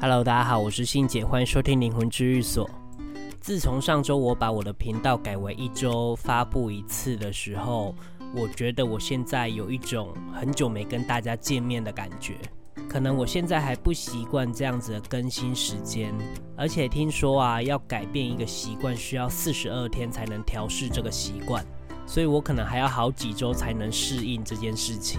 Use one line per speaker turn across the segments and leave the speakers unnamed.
Hello，大家好，我是欣姐，歡迎收聽靈魂治癒所。自從上周我把我的頻道改為一周發佈一次的時候，我覺得我現在有一種很久沒跟大家見面的感覺。可能我現在還不習慣這樣子的更新時間，而且聽說啊，要改變一個習慣需要四十二天才能調試這個習慣，所以我可能還要好幾周才能適應這件事情。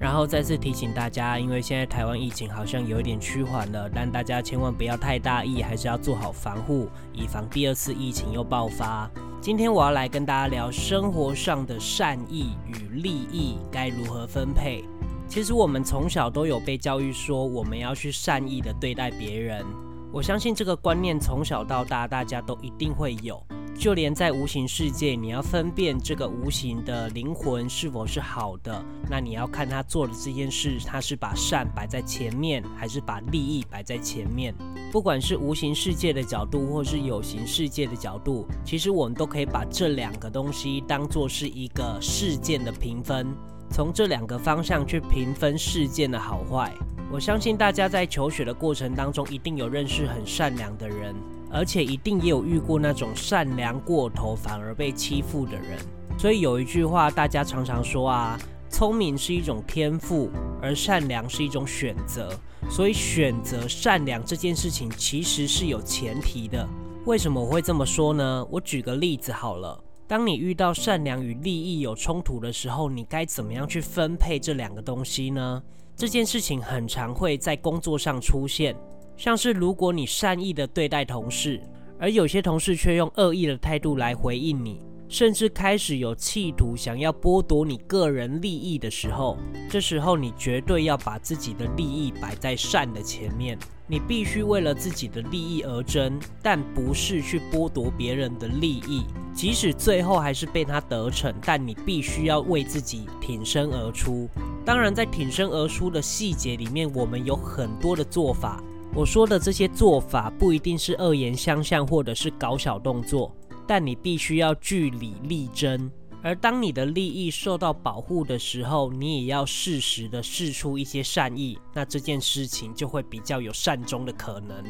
然後再次提醒大家，因為現在台灣疫情好像有一點趨緩了，但大家千萬不要太大意，還是要做好防護，以防第二次疫情又爆發。今天我要來跟大家聊生活上的善意與利益該如何分配。其實我們從小都有被教育說，我們要去善意的對待別人。我相信這個觀念從小到大，大家都一定會有。就連在無形世界，你要分辨這個無形的靈魂是否是好的，那你要看他做的這件事，他是把善擺在前面，還是把利益擺在前面？不管是無形世界的角度，或是有形世界的角度，其實我們都可以把這兩個東西當做是一個事件的評分，從這兩個方向去評分事件的好壞。我相信大家在求學的過程當中，一定有認識很善良的人。而且一定也有遇過那種善良過頭反而被欺負的人，所以有一句話大家常常說啊，聰明是一種天賦，而善良是一種選擇。所以選擇善良這件事情其實是有前提的。為什麼我會這麼說呢？我舉個例子好了，當你遇到善良與利益有衝突的時候，你該怎麼樣去分配這兩個東西呢？這件事情很常會在工作上出現。像是如果你善意地對待同事，而有些同事卻用惡意的態度來回應你，甚至開始有企圖想要剝奪你個人利益的時候，這時候你絕對要把自己的利益擺在善的前面。你必須為了自己的利益而爭，但不是去剝奪別人的利益。即使最後還是被他得逞，但你必須要為自己挺身而出。當然，在挺身而出的細節裡面，我們有很多的做法。我說的這些做法不一定是惡言相向或者是搞小動作，但你必須要據理力爭。而當你的利益受到保護的時候，你也要適時的釋出一些善意，那這件事情就會比較有善終的可能。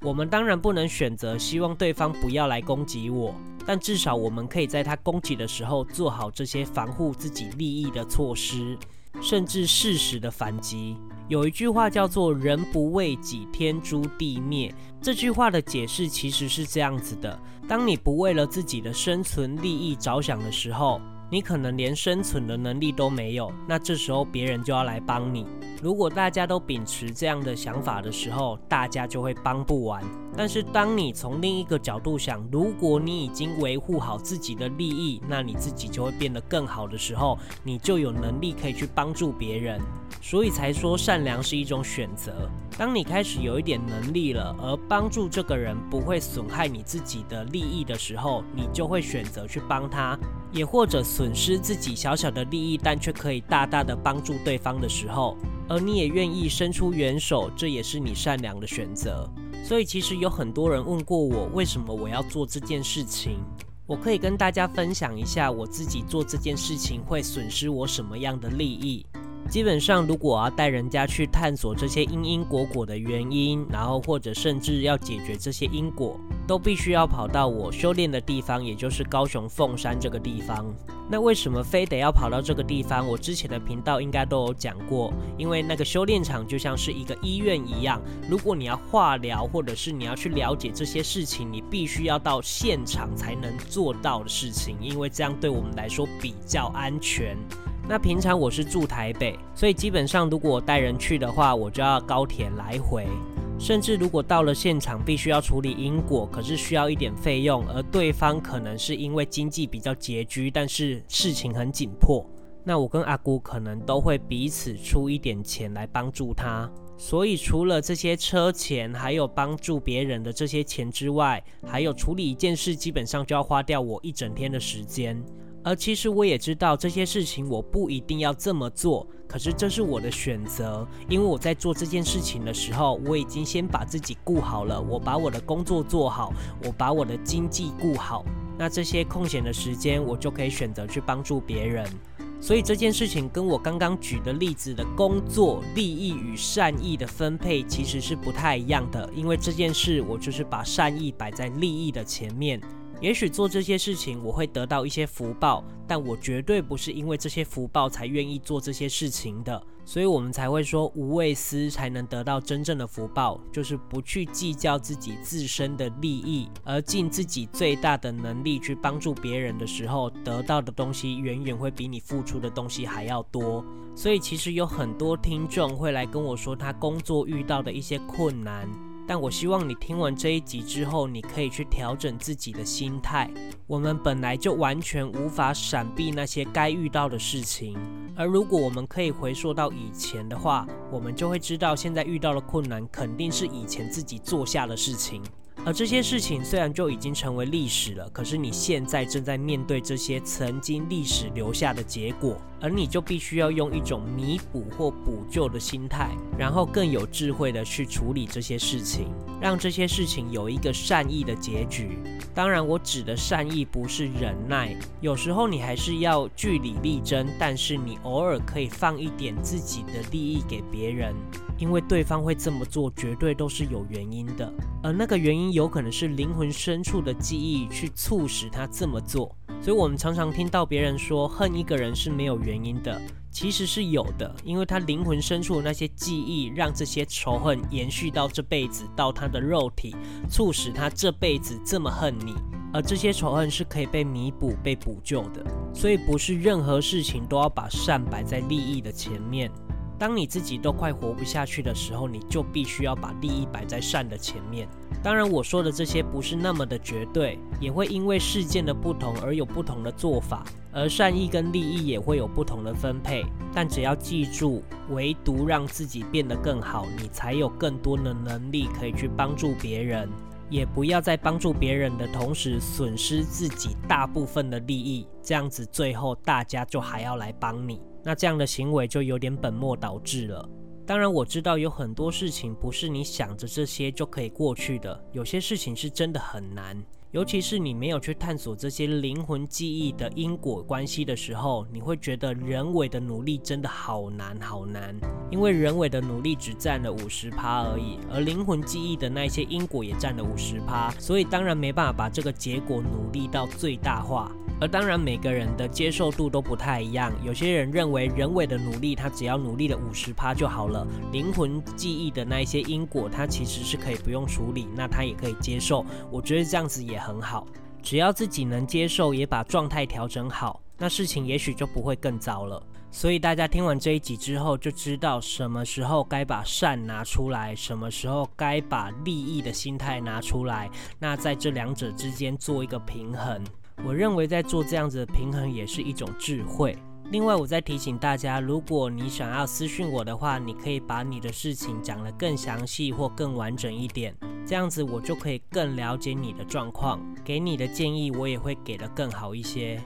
我們當然不能選擇希望對方不要來攻擊我，但至少我們可以在他攻擊的時候做好這些防護自己利益的措施，甚至適時的反擊。有一句話叫做“人不為己，天誅地滅”。這句話的解釋其實是這樣子的，當你不為了自己的生存利益着想的時候，你可能連生存的能力都沒有，那這時候別人就要來幫你。如果大家都秉持這樣的想法的時候，大家就會幫不完。但是當你從另一個角度想，如果你已經維護好自己的利益，那你自己就會變得更好的時候，你就有能力可以去幫助別人。所以才說善良是一種選擇。當你開始有一點能力了，而幫助這個人不會損害你自己的利益的時候，你就會選擇去幫他，也或者損失自己小小的利益，但却可以大大的幫助對方的時候，而你也願意伸出援手，這也是你善良的選擇。所以，其實有很多人問過我，為什麼我要做這件事情？我可以跟大家分享一下，我自己做這件事情會損失我什麼樣的利益。基本上，如果我要帶人家去探索這些因因果果的原因，然後或者甚至要解決這些因果，都必須要跑到我修煉的地方，也就是高雄鳳山這個地方。那為什麼非得要跑到這個地方？我之前的頻道應該都有講過，因為那個修煉場就像是一個醫院一樣，如果你要化療，或者是你要去了解這些事情，你必須要到現場才能做到的事情，因為這樣對我們來說比較安全。那平常我是住台北，所以基本上如果我帶人去的話，我就要高鐵來回。甚至如果到了現場，必須要處理因果，可是需要一點費用，而對方可能是因為經濟比較拮據，但是事情很緊迫，那我跟阿姑可能都會彼此出一點錢來幫助他。所以除了這些車錢，還有幫助別人的這些錢之外，還有處理一件事，基本上就要花掉我一整天的時間。而其實我也知道這些事情我不一定要這麼做，可是這是我的選擇，因為我在做這件事情的時候，我已經先把自己顧好了，我把我的工作做好，我把我的經濟顧好，那這些空閒的時間我就可以選擇去幫助別人。所以這件事情跟我剛剛舉的例子的工作利益與善意的分配其實是不太一樣的，因為這件事我就是把善意擺在利益的前面。也許做這些事情我會得到一些福報，但我絕對不是因為這些福報才願意做這些事情的。所以我們才會說，無畏施才能得到真正的福報，就是不去計較自己自身的利益，而盡自己最大的能力去幫助別人的時候，得到的東西遠遠會比你付出的東西還要多。所以其實有很多聽眾會來跟我說，他工作遇到的一些困難。但我希望你聽完這一集之後，你可以去調整自己的心態。我們本來就完全無法閃避那些該遇到的事情，而如果我們可以回溯到以前的話，我們就會知道現在遇到的困難肯定是以前自己做下的事情。而這些事情雖然就已經成為歷史了，可是你現在正在面對這些曾經歷史留下的結果，而你就必須要用一種彌補或補救的心態，然後更有智慧的去處理這些事情，讓這些事情有一個善意的結局。當然，我指的善意不是忍耐，有時候你還是要據理力爭，但是你偶爾可以放一點自己的利益給別人。因為對方會這麼做，絕對都是有原因的，而那個原因有可能是靈魂深處的記憶去促使他這麼做。所以，我們常常聽到別人說恨一個人是沒有原因的，其實是有的，因為他靈魂深處的那些記憶讓這些仇恨延續到這輩子，到他的肉體，促使他這輩子這麼恨你。而這些仇恨是可以被彌補、被補救的。所以，不是任何事情都要把善擺在利益的前面。當你自己都快活不下去的時候，你就必須要把利益擺在善的前面。當然，我說的這些不是那麼的絕對，也會因為事件的不同而有不同的做法，而善意跟利益也會有不同的分配。但只要記住，唯獨讓自己變得更好，你才有更多的能力可以去幫助別人，也不要在幫助別人的同時損失自己大部分的利益。這樣子，最後大家就還要來幫你。那這樣的行為就有點本末倒置了。當然，我知道有很多事情不是你想着這些就可以過去的，有些事情是真的很難。尤其是你沒有去探索這些靈魂記憶的因果關係的時候，你會覺得人為的努力真的好難好難，因為人為的努力只占了五十趴而已，而靈魂記憶的那些因果也占了五十趴，所以當然沒辦法把這個結果努力到最大化。而當然，每個人的接受度都不太一樣。有些人認為，人為的努力，他只要努力了五十趴就好了。靈魂記憶的那一些因果，他其實是可以不用處理，那他也可以接受。我覺得這樣子也很好，只要自己能接受，也把狀態調整好，那事情也許就不會更糟了。所以大家聽完這一集之後，就知道什麼時候該把善拿出來，什麼時候該把利益的心態拿出來，那在這兩者之間做一個平衡。我認為在做這樣子的平衡也是一種智慧。另外，我再提醒大家，如果你想要私訊我的話，你可以把你的事情講得更詳細或更完整一點，這樣子我就可以更了解你的狀況，給你的建議我也會給得更好一些。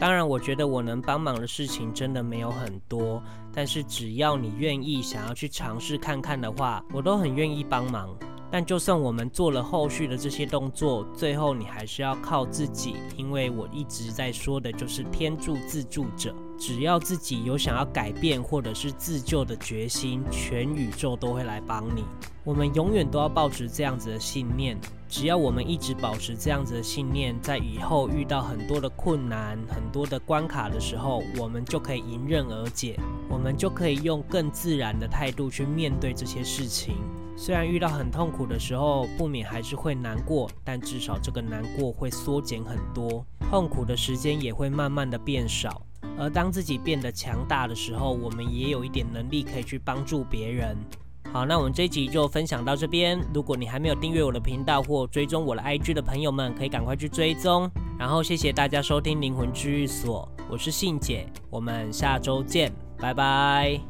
當然，我覺得我能幫忙的事情真的沒有很多，但是只要你願意想要去嘗試看看的話，我都很願意幫忙。但就算我們做了後續的這些動作，最後你還是要靠自己，因為我一直在說的就是天助自助者。只要自己有想要改變或者是自救的決心，全宇宙都會來幫你。我們永遠都要保持這樣子的信念。只要我們一直保持這樣子的信念，在以後遇到很多的困難、很多的關卡的時候，我們就可以迎刃而解，我們就可以用更自然的態度去面對這些事情。雖然遇到很痛苦的時候，不免還是會難過，但至少這個難過會縮減很多，痛苦的時間也會慢慢的變少。而當自己變得強大的時候，我們也有一點能力可以去幫助別人。好，那我們這一集就分享到這邊。如果你還沒有訂閱我的頻道或追蹤我的 IG 的朋友們，可以趕快去追蹤。然後謝謝大家收聽靈魂治癒所，我是信姐，我們下週見，拜拜。